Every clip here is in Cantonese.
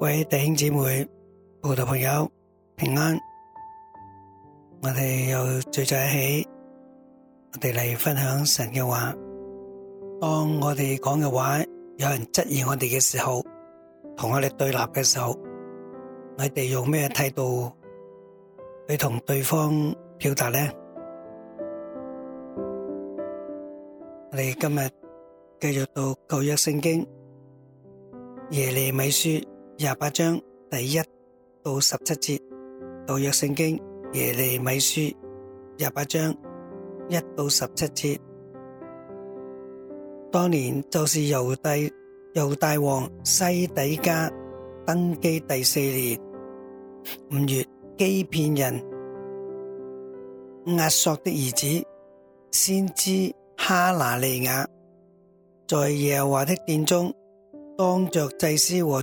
各位弟兄姊妹、慕道朋友平安，我哋又聚在一起，我哋嚟分享神嘅話。當我哋講嘅話，有人質疑我哋嘅時候，同我哋對立嘅時候，我哋用咩態度去同對方表達呢？我哋今日繼續到舊約聖經耶利米書。廿八章第一到十七節，道約聖經耶利米書廿八章一到十七節。當年就是猶大猶大王西底家登基第四年五月，基遍人押朔的兒子先知哈拿尼雅在耶和華的殿中，當着祭司和。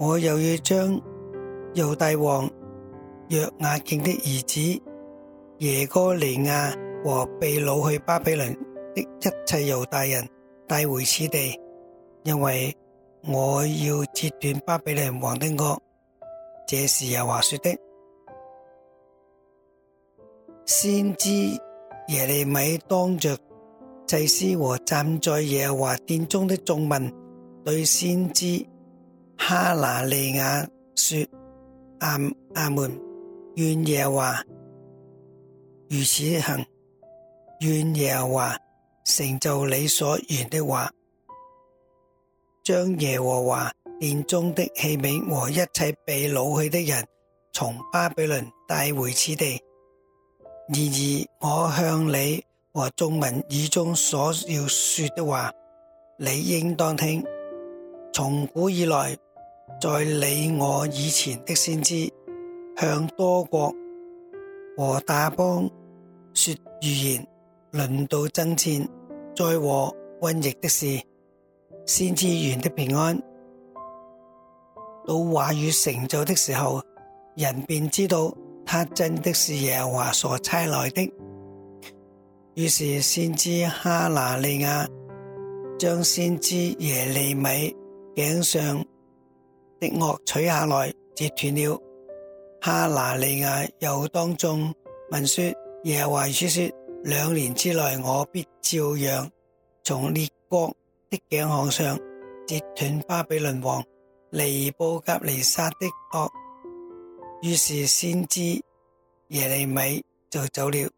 我又要將猶大王約雅敬的兒子耶哥尼亞和被擄去巴比倫的一切猶大人帶回此地，因為我要折斷巴比倫王的軛。這是耶華說的。先知耶利米當着祭司和站在耶和華殿中的眾民，對先知。哈拿利亞說：阿阿們，願耶華如此行；願耶華成就你所願的話，將耶和華殿中的器皿和一切被擄去的人從巴比倫帶回此地。然而，我向你和眾民耳中所要說的話，你應當聽。從古以來。在你我以前的先知向多國和大邦說預言，輪到爭戰、再和瘟疫的事，先知言的平安到話語成就的時候，人便知道他真的是耶和華所差來的。於是先知哈拿利亞將先知耶利米頸上。的惡取下來，截斷了。哈拿利亞又當眾問說：耶和華說說，兩年之內我必照樣從列國的頸項上截斷巴比倫王尼布甲尼撒的惡。於是先知耶利米就走了。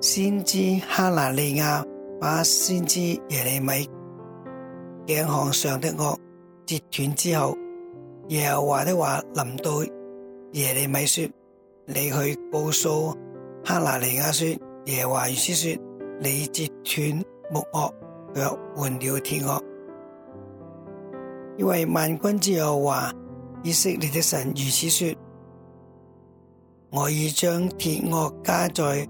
先知哈拿利亞把先知耶利米頸項上的惡。折斷之後，耶和華的話臨到耶利米說：你去告訴哈拿尼亞說，耶和華如此說：你折斷木軛，若換了鐵軛，因為萬軍之耶和華以色列的神如此說：我已將鐵軛加在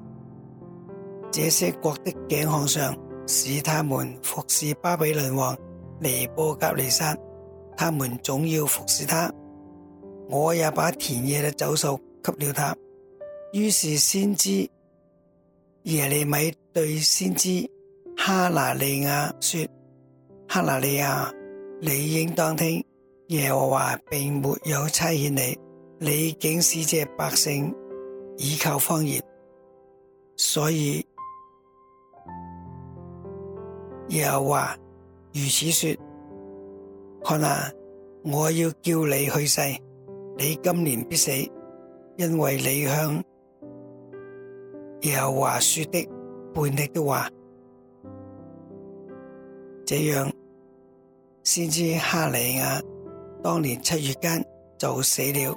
這些國的頸項上，使他們服侍巴比倫王尼波格尼沙。他們總要服侍他，我也把田野的走獸給了他。於是先知耶利米對先知哈拿尼亞說：哈拿尼亞，你應當聽耶和華並沒有差遣你，你竟使這百姓倚靠謊言。所以耶和華如此說。看哪，我要叫你去世，你今年必死，因為你向耶和華說的叛逆的話。這樣先知哈利亞當年七月間就死了。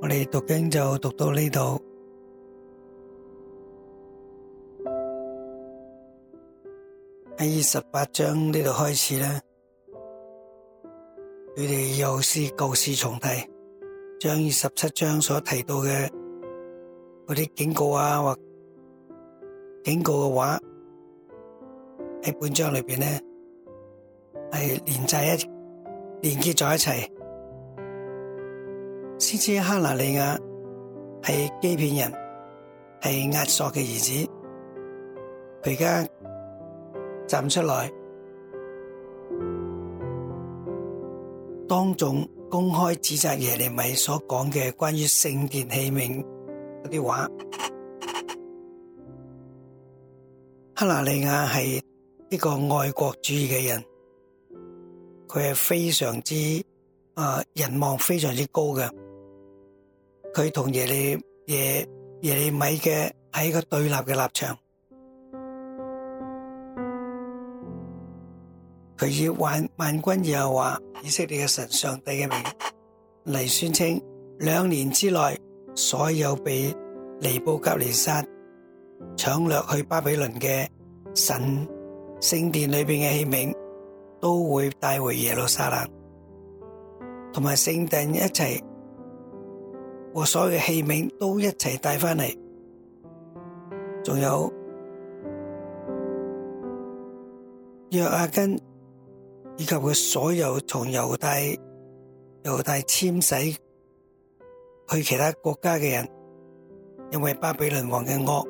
我哋讀經就讀到呢度。喺二十八章呢度開始咧，佢哋又是舊事重提，將二十七章所提到嘅嗰啲警告啊或警告嘅話，喺本章裏邊咧係連載一連接在一齊。先知哈拿利亞係欺騙人，係押朔嘅兒子，佢而家。站出來，當眾公開指責耶利米所講嘅關於聖殿器皿嗰啲話。克拉利亞係一個愛國主義嘅人，佢係非常之啊人望非常之高嘅，佢同耶利耶耶利米嘅喺一個對立嘅立場。佢以萬軍之耶和華以色列嘅神上帝嘅名嚟宣稱，兩年之內所有被尼布甲尼撒搶掠去巴比倫嘅神聖殿裏邊嘅器皿，都會帶回耶路撒冷，同埋聖殿一齊和所有嘅器皿都一齊帶翻嚟，仲有約雅斤。以及佢所有從猶大、猶大遷徙去其他國家嘅人，因為巴比倫王嘅惡，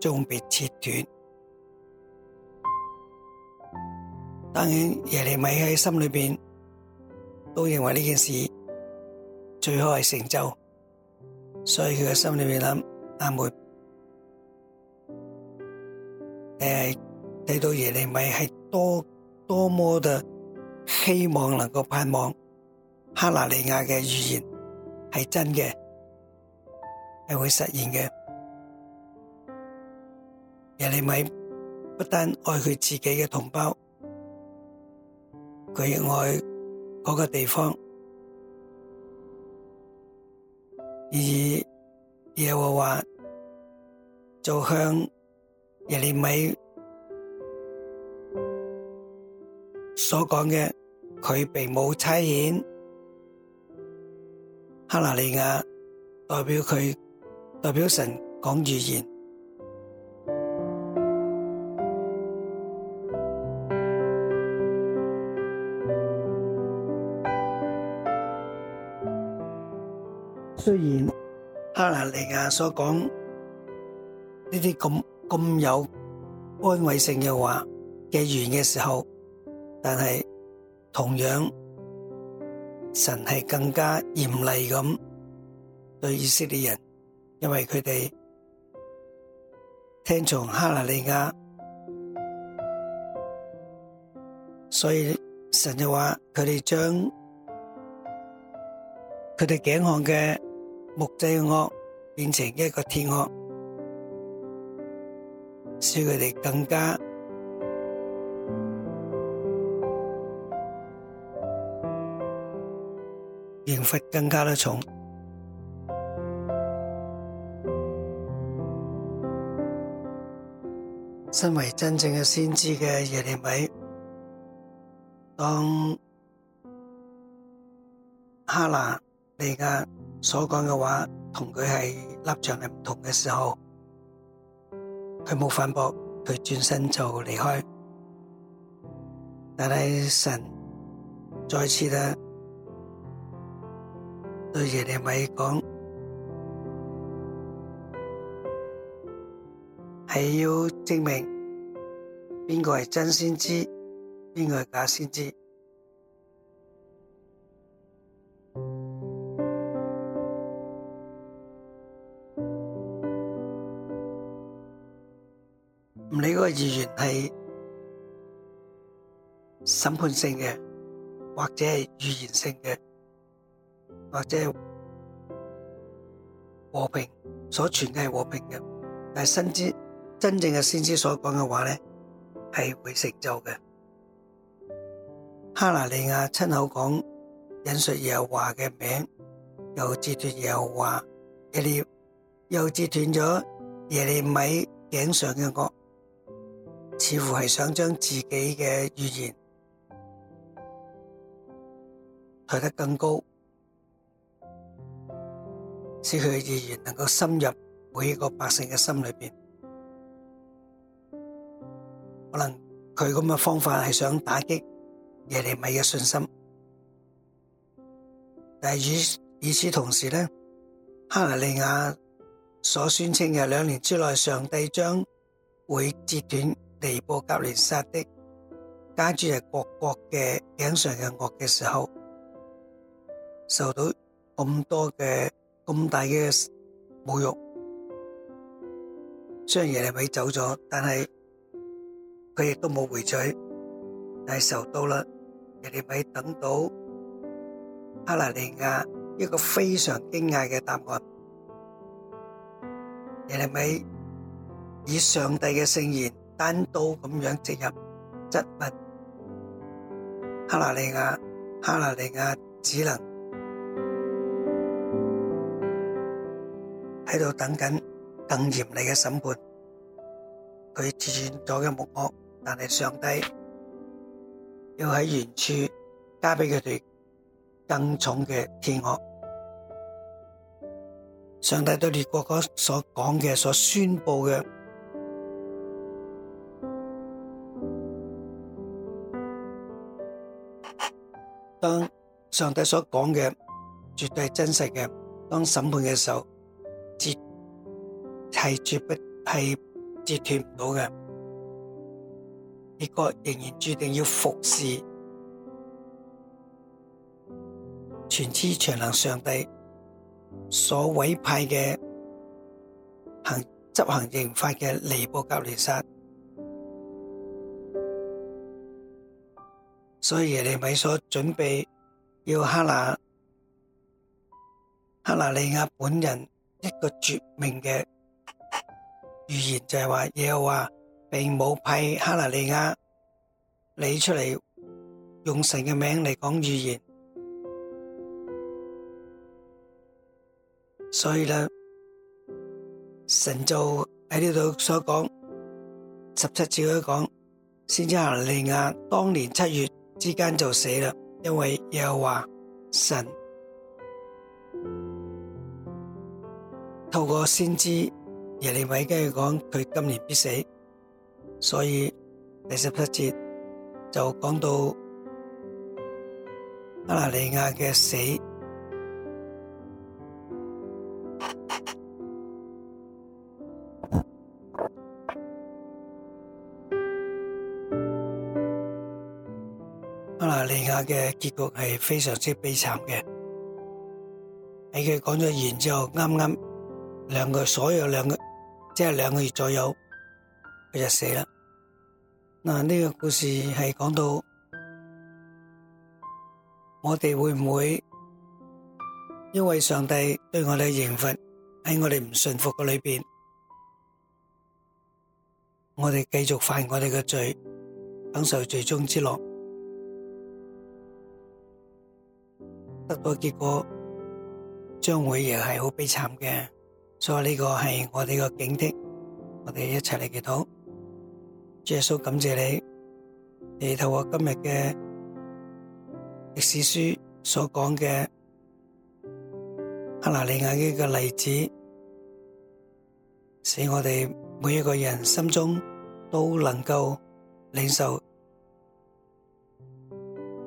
終被切斷。當然，耶利米喺心裏邊都認為呢件事最好係成就，所以佢嘅心裏面諗阿妹，誒睇到耶利米係多多麼的。希望能夠盼望哈拿利亞嘅預言係真嘅，係會實現嘅。耶利米不單愛佢自己嘅同胞，佢亦愛嗰個地方，而耶和華就向耶利米。所講嘅，佢並冇差遣哈拿尼亞代表佢代表神講預言。雖然哈拿尼亞所講呢啲咁咁有安慰性嘅話嘅言嘅時候。但係同樣，神係更加嚴厲咁對以色列人，因為佢哋聽從哈拿利亞，所以神就話佢哋將佢哋頸項嘅木製軛變成一個鐵軛，使佢哋更加。懲罰更加得重。身為真正嘅先知嘅耶利米，當哈拿尼雅所講嘅話同佢係立場係唔同嘅時候，佢冇反駁，佢轉身就離開。但係神再次地。對耶利米講，係要證明邊個係真先知，邊個係假先知。唔理嗰個預言係審判性嘅，或者係預言性嘅。或者和平所傳嘅係和平嘅。但係真正嘅先知所講嘅話呢，係會成就嘅。哈拿利亞親口講，引述耶和華嘅名，又截斷耶和華耶利，又截斷咗耶利米頸上嘅軛，似乎係想將自己嘅預言抬得更高。使佢嘅意願能夠深入每一個百姓嘅心裏邊，可能佢咁嘅方法係想打擊耶利米嘅信心。但係與與此同時咧，哈拿尼雅所宣稱嘅兩年之內，上帝將會截斷尼布甲尼撒的加住嘅各國嘅頸上嘅軛嘅時候，受到咁多嘅。咁大嘅侮辱，雖然耶利米走咗，但係佢亦都冇回嘴，係受到啦。耶利米等到哈拿尼亞一個非常驚訝嘅答案，耶利米以上帝嘅聖言單刀咁樣直入質問哈拿尼亞，哈拿尼亞只能。喺度等緊更嚴厲嘅審判，佢自願咗嘅木軛，但係上帝要喺原處加俾佢哋更重嘅天軛。上帝對列國哥所講嘅、所宣布嘅，當上帝所講嘅絕對係真實嘅，當審判嘅時候。係絕不係截斷唔到嘅，結果仍然注定要服侍全知全能上帝所委派嘅行執行刑法嘅尼布甲尼撒，所以耶利米所準備要哈拿哈拿利亞本人一個絕命嘅。預言就係話，耶和華並冇派哈拉利亞你出嚟用神嘅名嚟講預言，所以呢，神就喺呢度所講，十七節一講先知哈拉利亞當年七月之間就死啦，因為耶和華神透過先知。耶利米跟住講佢今年必死，所以第十七節就講到阿拿利亞嘅死。阿拿利亞嘅結局係非常之悲慘嘅，喺佢講咗完之後，啱啱。兩個所有兩個，即係兩個月左右，佢就死了嗱，呢、這個故事是講到我們會不會因為上帝對我們的刑罰在我們不信服嘅裏面，我們繼續犯我們的罪，享受最終之樂，得到結果將會也是很悲慘的。所以呢個係我哋嘅警惕，我哋一齊嚟祈禱。耶穌感謝你，你透過今日嘅歷史書所講嘅克拉利亞呢個例子，使我哋每一個人心中都能夠領受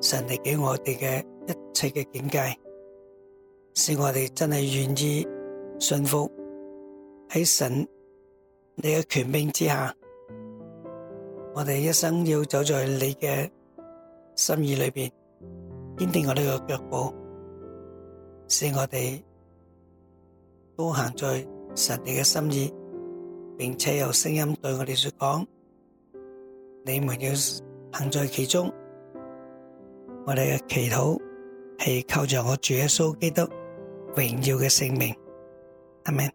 神哋俾我哋嘅一切嘅境界，使我哋真係願意信服。喺神你嘅權柄之下，我哋一生要走在你嘅心意裏邊，堅定我哋的腳步，使我哋都行在神你嘅心意，並且有聲音對我哋說：講你們要行在其中。我哋嘅祈禱係靠着我主耶穌基督榮耀嘅聖名，阿門。